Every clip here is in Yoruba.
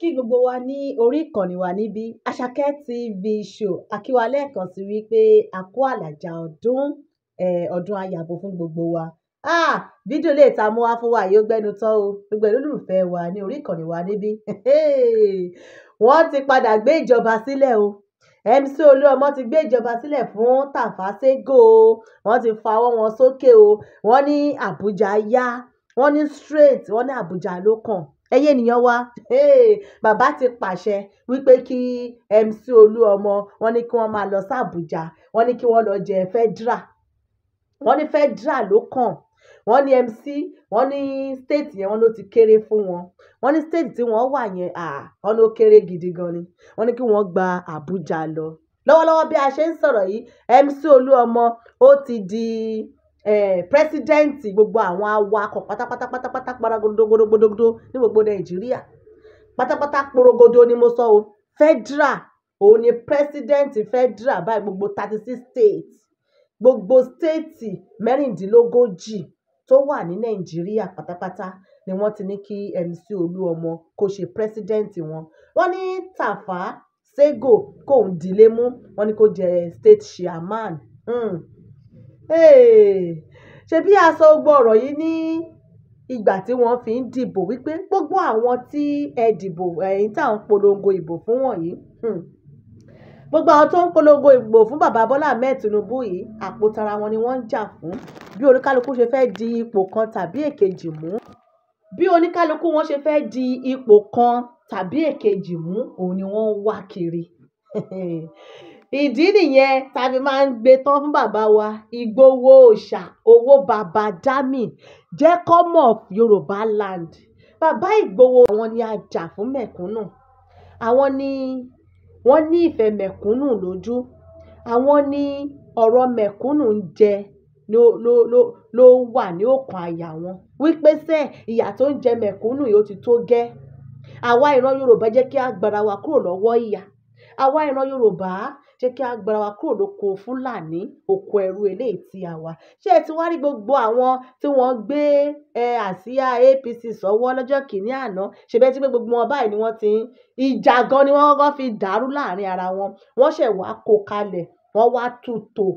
kí gbogbo wa ní orí ìkànnì wa níbí àṣàkẹ́ tv show akíwálẹ̀ kan sí wípé a kó àlàjá ọdún ọdún ayàbò fún gbogbo wa fídíò lè ta mú wá fún wa yóò gbẹnu tán o gbogbo olólùfẹ́ wa ní orí ìkànnì wa níbí wọ́n ti padà gbé ìjọba sílẹ̀ o MC Olúọmọ ti gbé ìjọba sílẹ̀ fún Tàfàṣégò o wọ́n ti fawọ́ wọn sókè o wọ́n ní Àbújá yá wọ́n ní straight wọ́n ní Àbújá ló kàn ẹ̀yin ènìyàn wa bàbá ti pàṣẹ wípé kí MC Olúọmọ wọ́n ní kí wọ́n máa lọ sí Àbújá wọ́n ní kí wọ́n lọ jẹ federal wọ́n ní federal ló kàn wọ́n ní MC wọ́n ní state yẹn wọ́n ló ti kéré fún wọn wọ́n ní state tí wọ́n wà yẹn wọ́n ló kéré gidi gan ni wọ́n ní kí wọ́n gba Àbújá lọ lọ́wọ́lọ́wọ́ bí a ṣe ń sọ̀rọ̀ yìí MC Olúọmọ ó ti di Eh, pírẹsidẹ́ǹtì gbogbo àwọn awakọ̀ pátápátá pátápátá paragodogodogodo ní gbogbo nàìjíríà pátápátá porogodo ni mo sọ o federal òun ni pírẹsidẹ́ǹtì federal báyìí gbogbo thirty six states gbogbo stéètì mẹ́rìndínlógójì tó wà ní nàìjíríà pátápátá ni wọ́n ti ní kí MC Olúọmọ kó ṣe pírẹsidẹ́ǹtì wọn wọ́n ní Tafa Sego kóun dílé mú wọ́n ní kó jẹ state chairman. Mm ṣebí a sọ gbogbo ọ̀rọ̀ yìí ní ìgbà tí wọ́n fi ń dìbò wípé gbogbo àwọn tí ẹ dìbò ẹ̀yin tí à ń polongo ìbò fún wọ̀nyí hmm, gbogbo àwọn tó ń polongo ìbò fún bàbá Bọ́lá Ahmed Tinubu yìí àpò wọn ni wọ́n ń jà fún bí oníkálukú ṣe fẹ́ di ipò kan tàbí èkejì mú bí oníkálukú wọn ṣe fẹ́ di ipò kan tàbí èkejì mú òun ni wọ́n ń wá kiri ìdí nìyẹn tá a fi máa ń gbé tán fún bàbá wa ìgbowó òòṣà owó baba dami jẹ́ come of yorùbá land bàbá ìgbowó àwọn ni a jà fún mẹ̀kúnnù àwọn ni wọ́n ní ìfẹ́ mẹ̀kúnnù lójú àwọn ni ọ̀rọ̀ mẹ̀kúnnù ń jẹ ló ló ló ló wà ní ọkàn àyà wọn wípé sẹ ìyà tó ń jẹ mẹ̀kúnnù yìí ó ti tó gẹ́ àwa ìran yorùbá jẹ́ kí a wa kúrò lọ́wọ́ ìyà àwa ìran yorùbá jẹ́ kí a gbara wa kúrò lóko Fúlàní oko ẹrú eléyìí tí a wà. Ṣé ẹ ti wá rí gbogbo àwọn tí wọ́n gbé ẹ àsíá APC sọ́wọ́ lọ́jọ́ kìíní àná? Ṣe bẹ́ẹ̀ tí pé gbogbo wọn báyìí ni wọ́n ti ń ìjà gan ni wọ́n kọ́kọ́ fi dàrú láàrin ara wọn. Wọ́n ṣẹ̀ wá kó kalẹ̀, wọ́n wá tutò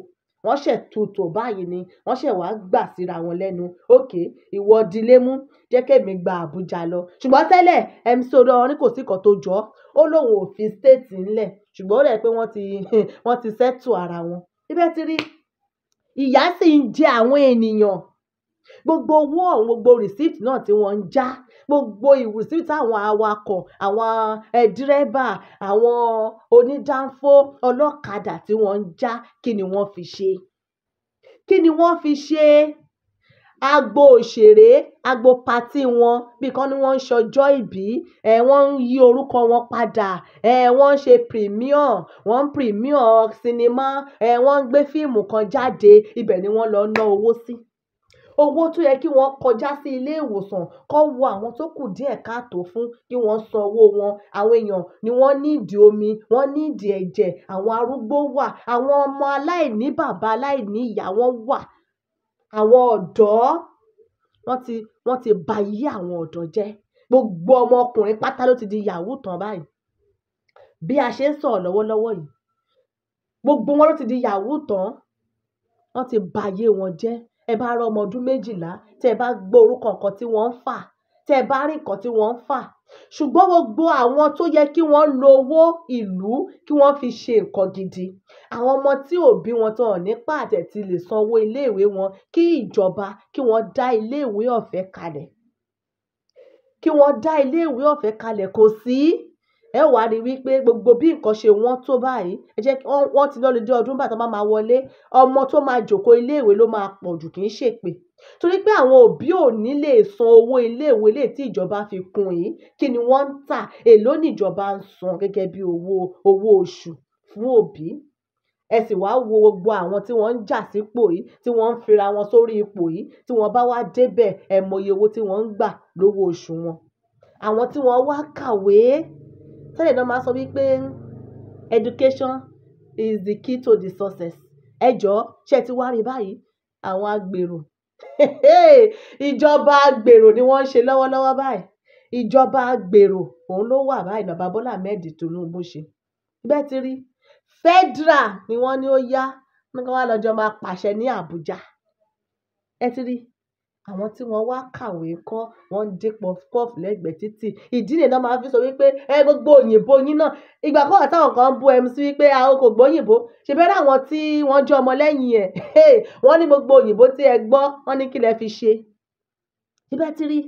wọ́n ṣẹ̀ tòótò báyìí ni wọ́n ṣẹ̀ wá gbà síra wọn lẹ́nu okay ìwọ dilé mú jẹ́ kí èmi gba Abuja lọ. Ṣùgbọ́n tẹ́lẹ̀ MC Olúọrin kò sí nǹkan tó jọ ọ́. Ó lóun ò fi state ńlẹ̀ ṣùgbọ́n ó dà pé wọ́n ti wọ́n ti settle ara wọn. Ṣé ti rí? Ìyà sì ń jẹ àwọn ènìyàn. Gbogbo owó ọ̀hún, gbogbo receipt náà tí wọ́n ń já, gbogbo receipt àwọn awakọ̀, àwọn eh, dírẹ́bà, àwọn onídáńfó, ọlọ́kadà tí wọ́n ń já, kí ni wọ́n fi ṣe? Kí ni wọ́n fi ṣe? Agbo òṣèré, agbo patí wọn, bí i kan ní wọ́n ń ṣọjọ́ ìbí, ẹ, eh, wọ́n ń yí orúkọ wọn padà, ẹ, eh, wọ́n ń ṣe premiere, wọ́n ń premiere sinimá, ẹ, wọ́n ń gbé fíìmù kan jáde, ibẹ̀ ni wọ́n lọ ná owó sí owó tó yẹ kí wọ́n kọjá sí ilé ìwòsàn kó wo àwọn tó kù díẹ̀ káàtó fún kí wọ́n san owó wọn àwọn èèyàn ni wọ́n níìdì omi wọ́n níìdì ẹ̀jẹ̀ àwọn arúgbó wà àwọn ọmọ aláìní bàbá aláìní ìyá wọ́n wà àwọn ọ̀dọ́ wọ́n ti wọ́n ti ba ayé àwọn ọ̀dọ́ jẹ́ gbogbo ọmọkùnrin pátá ló ti di yahoo tán báyìí bí a ṣe ń sọ̀rọ̀ lọ́wọ́lọ́wọ́ yìí gbogbo wọn ló ti di yahoo tán wọ́n ti ba ayé wọn jẹ́ Ẹ bá rọ ọmọ ọdún méjìlá, tí ẹ bá gbọ́ orúkọ nǹkan tí wọ́n ń fà, tí ẹ bá rí nǹkan tí wọ́n ń fà. Ṣùgbọ́n gbogbo àwọn tó yẹ kí wọ́n lo owó ìlú kí wọ́n fi ṣe nǹkan gidi. Àwọn ọmọ tí òbí wọn tó hàn nípa àtẹ̀ lè san owó ilé wọn kí ìjọba kí wọ́n dá ilé ọ̀fẹ́ kalẹ̀. Kí wọ́n dá ilé ọ̀fẹ́ kalẹ̀ kò sí ẹ wàá rí wípé gbogbo bí nǹkan ṣe wọ́n tó báyìí ẹ jẹ́ kí wọ́n ti lọ́ọ́ lè dé ọdún bàtà máa wọlé ọmọ tó máa jókòó iléèwé ló máa pọ̀ jù kì í ṣèpè torí pé àwọn òbí ò ní lè san owó iléèwé lè tí ìjọba fi kún yìí kí ni wọ́n ń tà èló níjọba ń san gẹ́gẹ́ bí owó owó oṣù fún òbí ẹ sì wá wo gbogbo àwọn tí wọ́n ń jà sípò yìí tí wọ́n ń fira wọn sórí ipò yìí tí wọ́n bá wá débẹ̀ ẹ mọyì owó tí wọ́n ń gbà lówó oṣù wọn àwọn tí wọ́n wá kàwé tẹ́lẹ̀ náà máa sọ wípé education is the key to the success ẹ jọ̀ọ́ ṣe ti wá rí báyìí àwọn agbèrò ìjọba agbèrò ni wọ́n ń ṣe lọ́wọ́lọ́wọ́ báyìí ìjọba agbèrò òun ló wà báyìí bàbá Bọ́lá Ahmed Tinubu ṣe bẹ́ẹ̀ ti rí federal ni wọ́n ní ó yá nígbà wọn lọ́jọ́ máa pàṣẹ ní Àbújá ẹ ti rí Àwọn tí wọ́n wá kàwé kọ́, wọ́n ń dín puff-puff lẹ́gbẹ̀ẹ́ títì. Ìdí nìyẹn náà máa ń fi sọ wípé, "Ẹ gbogbo òyìnbó yín náà." Ìgbà kan wà táwọn kan ń bú MC wípé, "A o kò gbọ́ òyìnbó." Ṣèbí ẹ rí àwọn tí wọ́n jẹ́ ọmọ lẹ́yìn ẹ̀, "Hey!" Wọ́n ní gbogbo òyìnbó tí ẹ gbọ́, wọ́n ní kí lẹ fi ṣe. Ṣèbí ẹ ti rí?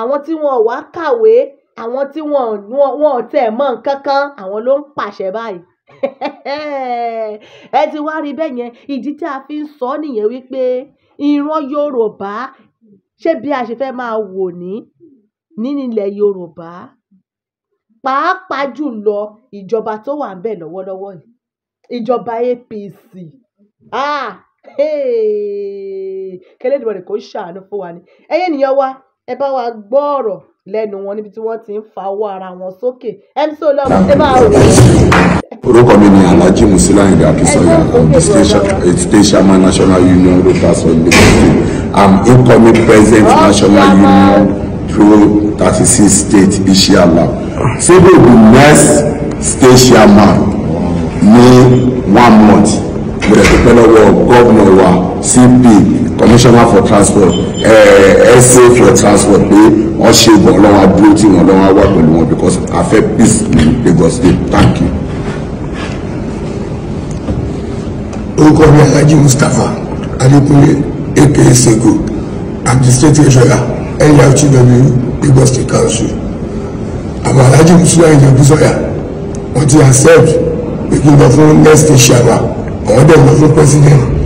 Àwọn tí wọ́n ò wá kàwé, àwọn tí wọ́n ò, wọ́n ò tẹ̀ mọ́ nǹkan kan, àwọn ló ń pàṣẹ báyìí. Ẹ ti wá rí bẹ́yẹn. Ìdí tí a fi ń sọ nìyẹn wípé ìran Yorùbá ṣé bí a ṣe fẹ́ máa wò ní nínú ilẹ̀ Yorùbá pàápàá jùlọ ìjọba tó wà ńbẹ̀ lọ́wọ́lọ́wọ́ yìí ìjọba APC ah hey kí Elédùmarè kó ṣàánú fún wa ni ẹ̀yin ènìyàn wa Ẹ bá wa gbọ́ ọ̀rọ̀ lẹ́nu wọn níbi tí wọ́n ti ń fa owó ara wọn sókè. MC Olúọmọ ṣé máa rò. Orúkọ mi ni Alhaji Musila Ayinde Akinsanya, I'm the station chairman eh, National Union Local Assembly. I'm incoming president oh, National Union through thirty-six state, Inshallah. Ṣé we be next state chairman ní one month? Mo dẹ̀ dúpẹ́ lọ́wọ́ gómìnà wa CP commissioner for transport ẹsẹ eh, eh, for transport pé wọ́n ṣe bọ̀ lọ́wọ́ dúró tí wọ́n lọ́wọ́ wà pẹ̀lú wọn because a fẹ́ peace ní Lagos state thank you. orúkọ mi Alhaji Mustapha Adekunle aka Sego administrative treasurer nlftw Lagos state council àwọn Alhaji Musula ìjọba sọyà wọ́n ti accept pé kí n lọ fún next chairman àwọn dẹ̀ lọ fún president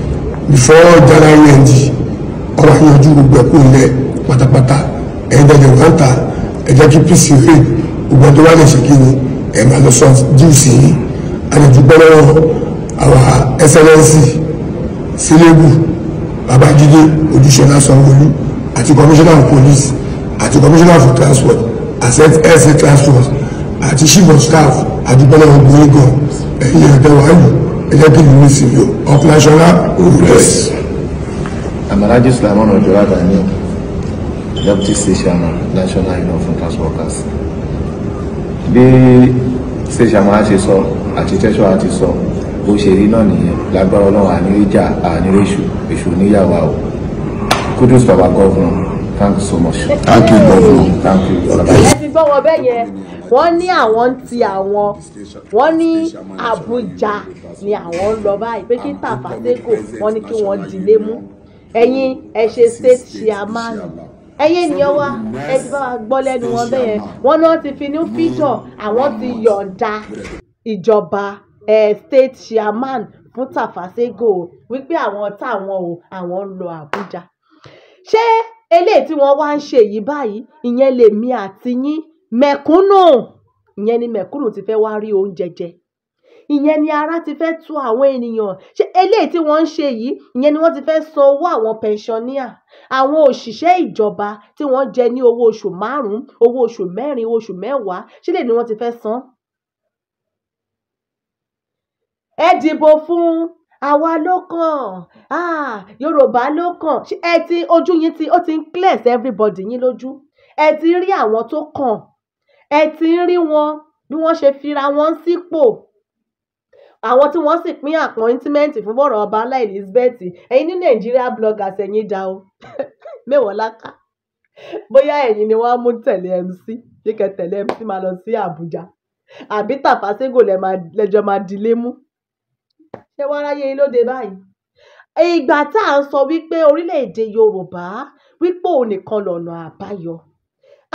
before january end ọ̀rọ̀ àyànjú gbogbo ẹ̀kọ́ ilẹ̀ pátápátá ẹ̀ẹ́dẹ̀dẹ̀ wà ń ta ẹ̀jẹ̀ kí pc rèé gbogbo tó wà lè ṣe kí ni ẹ̀ máa lọ sọ díù sí i àlejò gbọ́dọ̀ àwọn ẹsẹ̀lẹ́sì sílẹ̀bù babájídé olùṣọ́lá sanwóolu àti commissioner of police àti commissioner for transport asset ẹsẹ̀ transport àti chief of staff àdúgbò náà gbogbo ẹ̀gbọ́n ẹ̀yìn ẹ̀dẹ̀ executive ministry ọkùnrinṣọlá olùrẹsì. Amalaji Sulaiman Ojola Daniel deputy state chairman national union of transport workers bí state chairman ṣe sọ àti tẹ́sọ̀ àti sọ bó ṣe rí náà nìyẹn lágbára ọlọ́run àníríjà àníríṣù èṣù níyàwó àwọn kudos to our governor thank you so much. thank you governor thank you. ẹ ti bọ́wọ́ bẹ́ẹ̀ yẹn wọ́n ní àwọn ń ti àwọn wọ́n ní Àbújá ni àwọn ń lọ báyìí pé kí Tàfàṣẹ́kò wọ́n ní kí wọ́n dilé mú ẹ̀yin ẹ ṣe state chairman ẹyẹ ènìyàn wa ẹ ti bá wa gbọ́ lẹ́nu wọn bẹ́ẹ̀ yẹn wọn náà ti fi new mm. feature àwọn ti yọ̀ǹda ìjọba state chairman fún Tàfàṣẹ́gò wípé àwọn táwọn o àwọn ń lọ Àbújá ṣé eléyìí tí wọ́n wá ń ṣe yìí báyìí ìyẹn lèmi àti yín mẹ̀kúnnù ìyẹn ni mẹ̀kúnnù ti fẹ́ wá rí oúnjẹ jẹ ìyẹn ni ara ti fẹ́ tu àwọn ènìyàn ṣé eléyìí tí wọ́n ń ṣe yìí ìyẹn ni wọ́n ti fẹ́ san owó àwọn pensioner àwọn òṣìṣẹ́ ìjọba tí wọ́n jẹ ní owó oṣù márùn-ún owó oṣù mẹ́rin owó oṣù mẹ́wàá ṣé lè ni wọ́n ti fẹ́ san. ẹ dìbò fún àwa ló kàn ah yorùbá ló kàn ẹ ti ojú yín ti ó ti ń clear everybody yín lójú ẹ ti rí àwọn tó kàn ẹ ti ń rí wọn bí wọ́n ṣe fira wọn sípò àwọn tí wọ́n sì pín àpọ́íntímẹ́ǹtì fún bọ̀rọ̀ ọba ńlá Elizabeth ẹ̀yin ní Nàìjíríà bloggers ẹ̀yin dá o mẹ́wọ̀n láká bóyá ẹ̀yin ni wọ́n mú tẹ̀lé MC kíkẹ́ tẹ̀lé MC máa lọ sí Àbújá àbí tàfàṣégò lẹ́jọ́ máa dilé mú ṣé wọ́n ráyè yín lóde báyìí ìgbà tá à ń sọ wípé orílẹ̀-èdè Yorùbá wípé òun nìkan lọ̀nà àbáyọ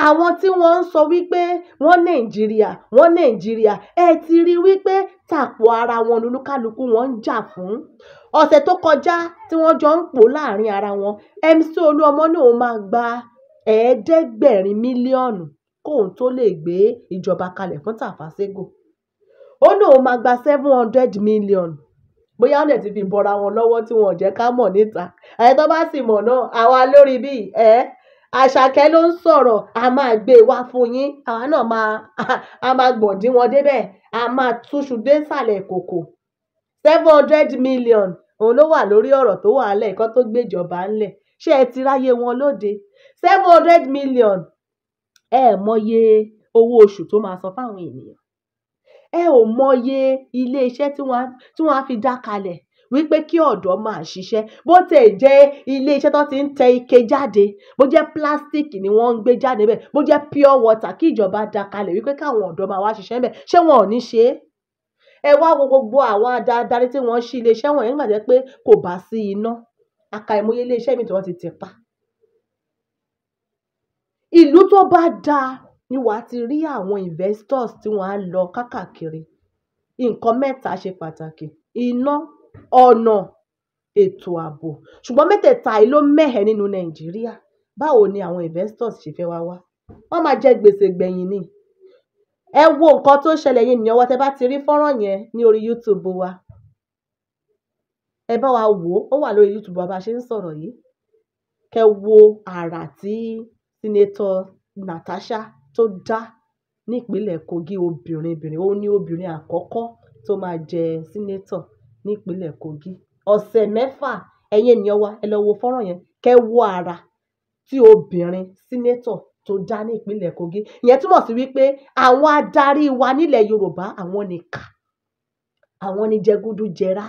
àwọn tí wọ́n ń sọ wípé wọ́n nàìjíríà wọ́n nàìjíríà ẹ ti rí wípé tàpọ̀ ara wọn lolúkálukú wọn ń jà fún ọ̀sẹ̀ tó kọjá tí wọ́n jọ ń pò láàrin ara wọn MC Olúọmọ náà máa gba ẹ̀ẹ́dẹ́gbẹ̀rin mílíọ̀nù kóun tó lè gbé ìjọba kalẹ̀ fún Tàfàṣégò ó lóun máa gba seven hundred million bóyá ọ̀nà ti fi bọra wọn lọ́wọ́ tí wọn ò jẹ́ ká mọ̀ níta àyẹ̀tọ́ bá sì mọ̀ náà àwa lórí bíi eh? àṣàkẹ́ ló ń sọ̀rọ̀ a máa gbé e wá fún yín àwa náà máa a máa gbọ̀ndí wọn débẹ̀ a máa túṣu dé ìsàlẹ̀ kòkò seven hundred million òun ló wà lórí ọ̀rọ̀ tó wà lẹ̀ kó tó gbéjọba ńlẹ̀ ṣé ẹ ti ráyè wọn lóde seven hundred million ẹ eh, mọye owó oṣù tó máa san fáwọn ènìyàn ẹ ò mọye iléeṣẹ́ tí wọ́n á fi dá kalẹ̀ wípé kí ọ̀dọ́ máa ṣiṣẹ́ bó tẹ̀ jẹ́ ilé iṣẹ́ tó ti ń tẹ ike jáde bó jẹ́ plastic ni wọ́n ń gbé jáde bẹ́ẹ̀ bó jẹ́ pure water kí ìjọba dá kalẹ̀ wípé káwọn ọ̀dọ́ máa wá ṣiṣẹ́ bẹ́ẹ̀ ṣé wọn ò ní ṣe é ẹ wá wo gbogbo àwọn adarí tí wọ́n ṣí iléeṣẹ́ wọ̀nyí nígbà jẹ́ pé kò bá sí iná aka ìmúyẹ iléeṣẹ́ mi tí wọ́n ti tẹ̀ pa. ìlú tó bá dáa ni wàá ti rí àwọn investors tí wọ́n á lọ kákàkiri nǹkan mẹ́ta ṣe pàtàkì iná ọ̀nà ètò ààbò ṣùgbọ́n mẹ́tẹ̀ẹ̀ta yìí ló mẹ́hẹ nínú nàìjíríà báwo ni àwọn investors ṣe fẹ́ wá wá wọ́n máa jẹ gbèsè gbẹ̀yìn ni ẹ wo nǹkan tó ṣẹlẹ̀ yẹn nìyẹn wọ́n tẹ́ bá ti rí fọ́nrán yẹn ní orí YouTube wa ẹ bá wa wò ó wà lórí YouTube wa bá a ṣe ń sọ̀rọ̀ yìí kẹ́ wo àrà tí senator Natasha tó dá ní ìpínlẹ̀ Kogi obìnrin obìnrin ó ní obìnrin àkọ́kọ́ tó máa jẹ senator ní ìpínlẹ̀ Kogi. Ọ̀sẹ̀ mẹ́fà, ẹ̀yin ènìyàn wa, ẹ lọ wo fọ́nrán yẹn kẹ́ wo ara tí obìnrin sínétọ̀ tó dá ní Kogi. Ìyẹn túmọ̀ sí wípé àwọn adarí wa nílẹ̀ Yorùbá àwọn ni ìkà, àwọn ni jẹgúdújẹrá.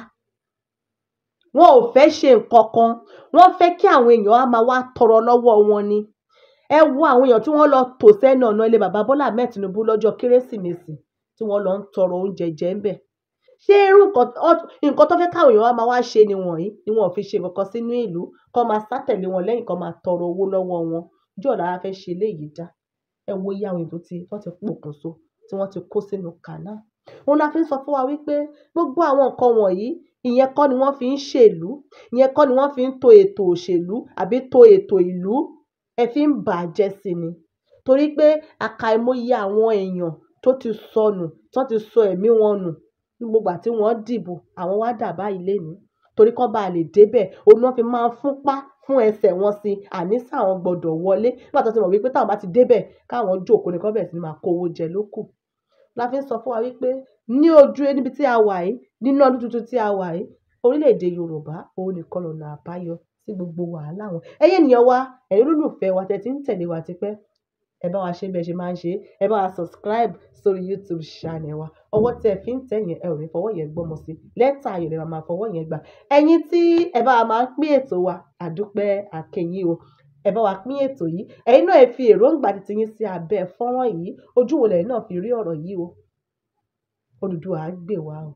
Wọn ò fẹ́ ṣe nǹkan kan, wọ́n fẹ́ kí àwọn èèyàn á máa wá tọrọ lọ́wọ́ wọn ni. Ẹ wo àwọn èèyàn tí wọ́n lọ tò sẹ́nu ọ̀nà ilé bàbá Bọ́lá Ahmed Tinubu lọ́jọ́ Kérésìmesì tí wọ́n lọ ń tọrọ oúnjẹ jẹ ń bẹ̀ ṣé irú nǹkan tó fẹ́ káwọn èèyàn wa máa wá ṣe ni wọ̀nyí ni wọn ò fi ṣe nǹkan sínú ìlú kọ́ máa sá tẹ̀lé wọn lẹ́yìn kọ́ máa tọrọ owó lọ́wọ́ wọn ọjọ́ ọ̀la wa fẹ́ ṣe eléyìí dá ẹ wo iye àwọn èèyàn tó ti wọ́n ti pokùnso tí wọ́n ti kó sínú kànáà òun la fi ń sọ fún wa wípé gbogbo àwọn nǹkan wọ̀nyí ìyẹn kọ́ ni wọ́n fi ń ṣèlú ìyẹn kọ́ ni wọ́n fi ń to ètò òṣèlú àbí to ètò ìlú ẹ fi ń bàjẹ́ sí ni torí pé àkàìmọye àwọn èèyàn tó ti sọnù tó ti sọ ẹ̀mí wọn nù gbogbo ìgbà tí wọ́n dìbò àwọn wá dà báyìí lénìí torí kán bá lè débẹ̀ òun náà fi máa ń fúnpá fún ẹsẹ̀ wọn sí àníṣe àwọn gbọ́dọ̀ wọlé nígbà tó ti mọ̀ wípé táwọn bá ti débẹ̀ káwọn jókòó ni kán bẹ̀rẹ̀ sí ni máa kówó jẹ lókù la fi ń sọ fún wa wípé ní ojú níbi tí a wà yìí nínú ọdún tuntun tí a wà yìí orílẹ̀-èdè Yorùbá òun nìkan lọ̀nà àbáyọ sí gbogbo wàhálà wọn ẹ̀yin ènìyàn wa ẹ̀yin olólùfẹ́ wa tẹ́ ti ń tẹ̀lé wa tipẹ́ ẹ bá wa ṣe bí ṣe máa ń ṣe. Ẹ bá wa subscribe sórí YouTube channel wa. Ọwọ́ tí ẹ fi ń tẹ̀ yẹn, ẹ ò ní fọwọ́ yẹn gbọ́mọ sí. Lẹ́tà ayọ̀ lẹ máa máa fọwọ́ yẹn gbà. Ẹ̀yin tí ẹ bá wa máa ń pín ètò wa, àdúpẹ́ àkẹ́yìn o. Ẹ bá wa pín ètò yìí. Ẹ̀yin náà ẹ fi èròǹgbà titi yín sí abẹ́ fọ́nrán yìí. Ojú wo lẹ̀yin náà fi rí ọ̀rọ̀ yìí o. Odùduwà á wa o.